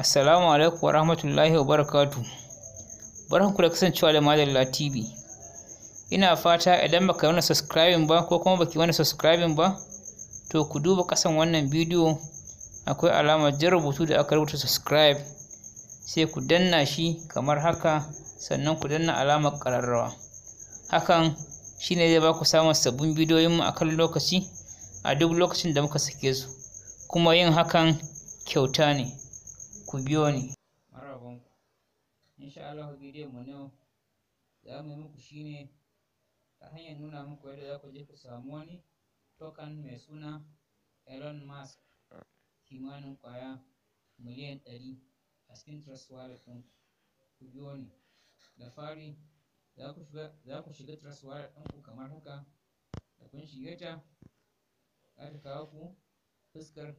Assalamu alaikum wa rahmatullahi wa barakatu. Barkanku da kasancewa da Madalla TV. Ina fata idan baka wani subscribing ba ko kuma baki wani subscribing ba, to ku duba kasan wannan bidiyo akwai alama jan rubutu da aka rubuta subscribe sai ku danna shi kamar haka sannan ku danna alamar ƙararrawa. Hakan shi ne zai baku samun sabbin bidiyoyinmu a kan lokaci a duk lokacin da muka sake su. Kuma yin hakan kyauta ne. ku biyo ni marhabanku insha Allah bidiyon mu yau za mu yi muku shine ta hanyar nuna muku yadda za ku je ku samu wani token mai suna Elon Musk kimanin ƙwaya miliyan ɗari a cikin Trust Wallet ɗin ku biyo ni da fari za ku shiga Trust Wallet ɗin ku kamar haka da kun shiga ta za ta kawo ku fuskar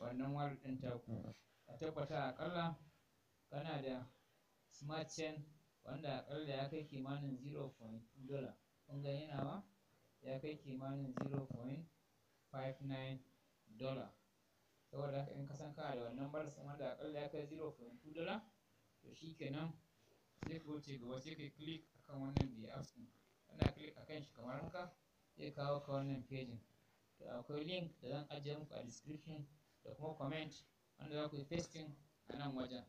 wannan wallet ɗin taku mm. a tabbata ƙalla, kana da smart chain wanda ƙalla ya kai kimanin 0.2 dollar kun ga yana ba ya kai kimanin 0.59 dollar saboda haka in ka san kana da wannan marasa wanda ƙalla ya kai 0.2 dollar to shi kenan sai ka wuce gaba sai ka click akan wannan the apps ɗin kana click akan shi kamar haka zai kawo ka wannan pejin to akwai link da zan ajiye muku a description da kuma comment wanda za ku yi pasting a nan wajen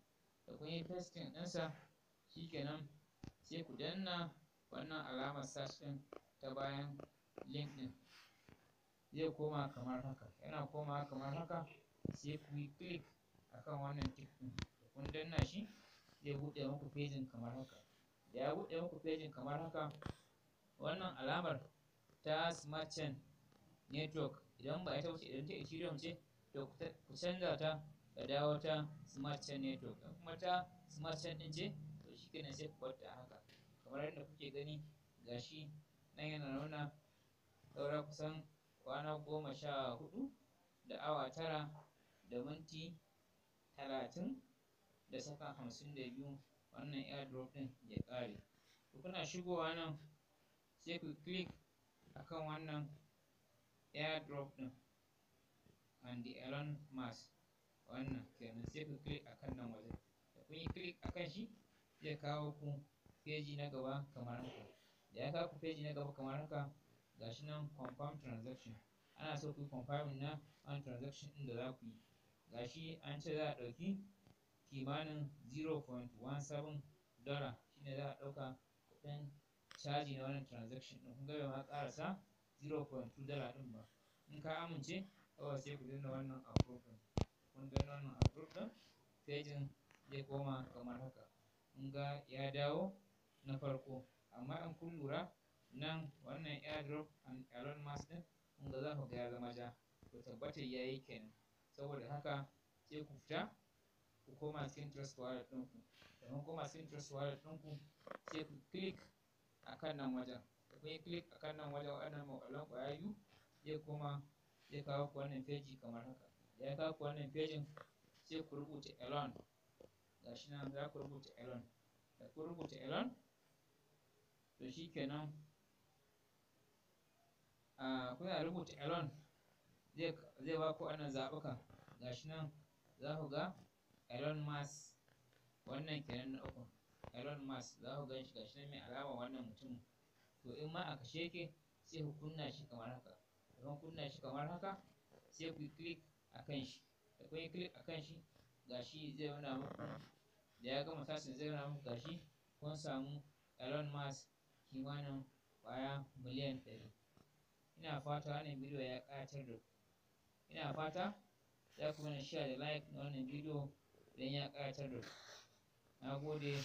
da kun yi pasting ɗinsa nan sai ku danna wannan alamar search ɗin ta bayan link ɗin zai koma kamar haka yana komawa kamar haka sai ku yi click akan wannan tick ɗin da kun danna shi zai buɗe muku pejin kamar haka da ya buɗe muku pejin kamar haka wannan alamar ta smart chain network idan ba ita wuce idan ta ethereum ce To ku canza ta ka dawo ta smart chain network kuma ta smart chain din ce to shi kenan sai ku bar ta haka kamar yadda kuke gani gashi nan yana nuna saura kusan kwana goma sha hudu da awa tara da minti talatin da saka hamsin da biyu wannan airdrop din ya kare to kuna shigowa nan sai ku click akan wannan airdrop din. and the Elon Musk wannan kenan sai ku click akan nan wajen da kun yi click akan shi zai kawo ku Feji na gaba kamar haka da ya kawo ku feji na gaba kamar haka gashi nan confirm transaction ana so ku yi confirm na on transaction din da za ku yi gashi an ce za a ɗauki kimanin 0.17 dollar shine za a ɗauka kuɗin caji na wannan transaction din kun ga bai ma ƙarasa 0.2 dollar din ba in ka amince kawai sai ku danna wannan approve din. kun danna wannan approve ɗin pejin zai koma kamar haka kun ga ya dawo na farko amma in kun lura nan wannan airdrop and iron mask ɗin kun ga za ku ga ya zama ja to tabbatar ya yi kenan saboda haka sai ku fita ku koma cikin trust wallet ɗinku kun koma cikin trust wallet ɗinku sai ku click akan nan wajen kun yi click akan nan wajen waɗannan maƙwallon ƙwayayu zai koma sai kawo ku wannan feji kamar haka da ya kawo ku wannan fejin sai ku rubuta elon ga shi nan za ku rubuta elon da ku rubuta elon to shi kenan a kuna rubuta elon zai ba ku wannan zaɓuka ga shi nan za ku ga elon mas wannan kenan na uku elon mas za ku gan shi shi nan mai alama wannan mutum to in ma a kashe ke sai ku kunna shi kamar haka zan kunna shi kamar haka sai ku click kan shi da kun yi a kan shi shi zai nuna muku da ya gama sasin zai nuna muku gashi kun samu Elon Musk kimanin kwaya miliyan ɗari ina fata wannan bidiyo ya ƙayatar da ku ina fata za ku mana share da like na wannan bidiyo idan ya ƙayatar da ku na gode